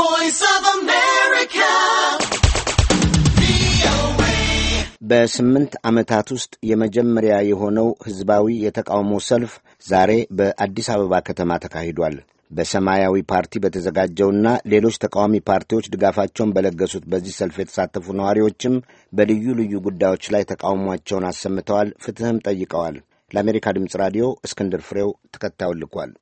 voice of America. በስምንት ዓመታት ውስጥ የመጀመሪያ የሆነው ሕዝባዊ የተቃውሞ ሰልፍ ዛሬ በአዲስ አበባ ከተማ ተካሂዷል። በሰማያዊ ፓርቲ በተዘጋጀውና ሌሎች ተቃዋሚ ፓርቲዎች ድጋፋቸውን በለገሱት በዚህ ሰልፍ የተሳተፉ ነዋሪዎችም በልዩ ልዩ ጉዳዮች ላይ ተቃውሟቸውን አሰምተዋል፣ ፍትህም ጠይቀዋል። ለአሜሪካ ድምፅ ራዲዮ እስክንድር ፍሬው ተከታዩን ልኳል።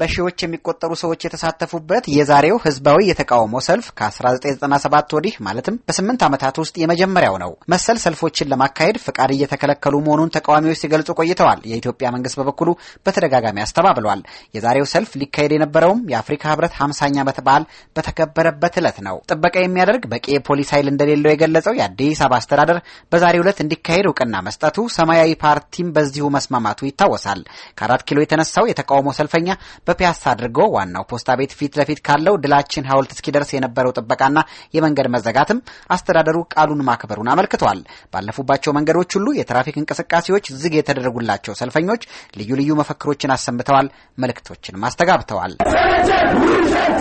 በሺዎች የሚቆጠሩ ሰዎች የተሳተፉበት የዛሬው ህዝባዊ የተቃውሞ ሰልፍ ከ1997 ወዲህ ማለትም በስምንት ዓመታት ውስጥ የመጀመሪያው ነው። መሰል ሰልፎችን ለማካሄድ ፍቃድ እየተከለከሉ መሆኑን ተቃዋሚዎች ሲገልጹ ቆይተዋል። የኢትዮጵያ መንግስት በበኩሉ በተደጋጋሚ አስተባብሏል። የዛሬው ሰልፍ ሊካሄድ የነበረውም የአፍሪካ ህብረት 50ኛ ዓመት በዓል በተከበረበት ዕለት ነው። ጥበቃ የሚያደርግ በቂ የፖሊስ ኃይል እንደሌለው የገለጸው የአዲስ አበባ አስተዳደር በዛሬው ዕለት እንዲካሄድ እውቅና መስጠቱ፣ ሰማያዊ ፓርቲም በዚሁ መስማማቱ ይታወሳል። ከአራት ኪሎ የተነሳው የተቃውሞ ሰልፈኛ በፒያሳ አድርጎ ዋናው ፖስታ ቤት ፊት ለፊት ካለው ድላችን ሐውልት እስኪደርስ የነበረው ጥበቃና የመንገድ መዘጋትም አስተዳደሩ ቃሉን ማክበሩን አመልክቷል። ባለፉባቸው መንገዶች ሁሉ የትራፊክ እንቅስቃሴዎች ዝግ የተደረጉላቸው ሰልፈኞች ልዩ ልዩ መፈክሮችን አሰምተዋል፣ መልእክቶችንም አስተጋብተዋል። ውሸት ውሸት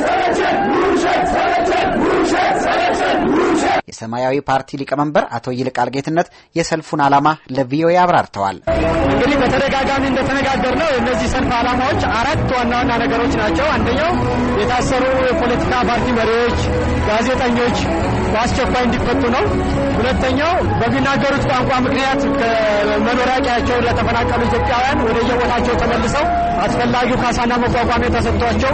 ውሸት ውሸት የሰማያዊ ፓርቲ ሊቀመንበር አቶ ይልቃል ጌትነት የሰልፉን ዓላማ ለቪኦኤ አብራርተዋል። እንግዲህ በተደጋጋሚ እንደተነጋገር ነው እነዚህ ሰልፍ ዓላማዎች አራት ዋና ዋና ነገሮች ናቸው። አንደኛው የታሰሩ የፖለቲካ ፓርቲ መሪዎች፣ ጋዜጠኞች በአስቸኳይ እንዲፈቱ ነው። ሁለተኛው በሚናገሩት ቋንቋ ምክንያት ከመኖሪያ ቀያቸው ለተፈናቀሉ ኢትዮጵያውያን ወደየቦታቸው ተመልሰው አስፈላጊው ካሳና መቋቋሚያ ተሰጥቷቸው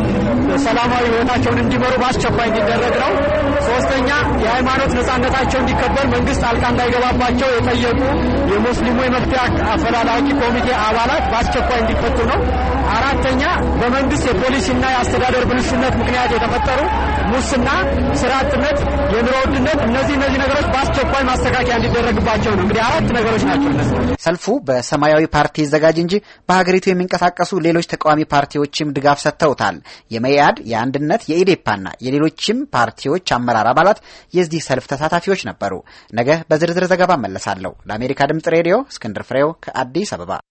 ሰላማዊ ሕይወታቸውን እንዲመሩ በአስቸኳይ እንዲደረግ ነው። ሶስተኛ የሃይማኖት ነጻነታቸው እንዲከበር መንግስት ጣልቃ እንዳይገባባቸው የጠየቁ የሙስሊሙ የመፍትሄ አፈላላቂ ኮሚቴ አባላት በአስቸኳይ እንዲፈቱ ነው። አራተኛ በመንግስት የፖሊሲና የአስተዳደር ብልሹነት ምክንያት የተፈጠሩ ሙስና፣ ስራ የኑሮ ውድነት፣ እነዚህ እነዚህ ነገሮች በአስቸኳይ ማስተካከያ እንዲደረግባቸው ነው። እንግዲህ አራት ነገሮች ናቸው እነዚህ። ሰልፉ በሰማያዊ ፓርቲ ይዘጋጅ እንጂ በሀገሪቱ የሚንቀሳቀሱ ሌሎች ተቃዋሚ ፓርቲዎችም ድጋፍ ሰጥተውታል። የመኢአድ፣ የአንድነት፣ የኢዴፓና የሌሎችም ፓርቲዎች አመራር አባላት የዚህ ሰልፍ ተሳታፊዎች ነበሩ። ነገ በዝርዝር ዘገባ መለሳለሁ። ለአሜሪካ ድምጽ ሬዲዮ እስክንድር ፍሬው ከአዲስ አበባ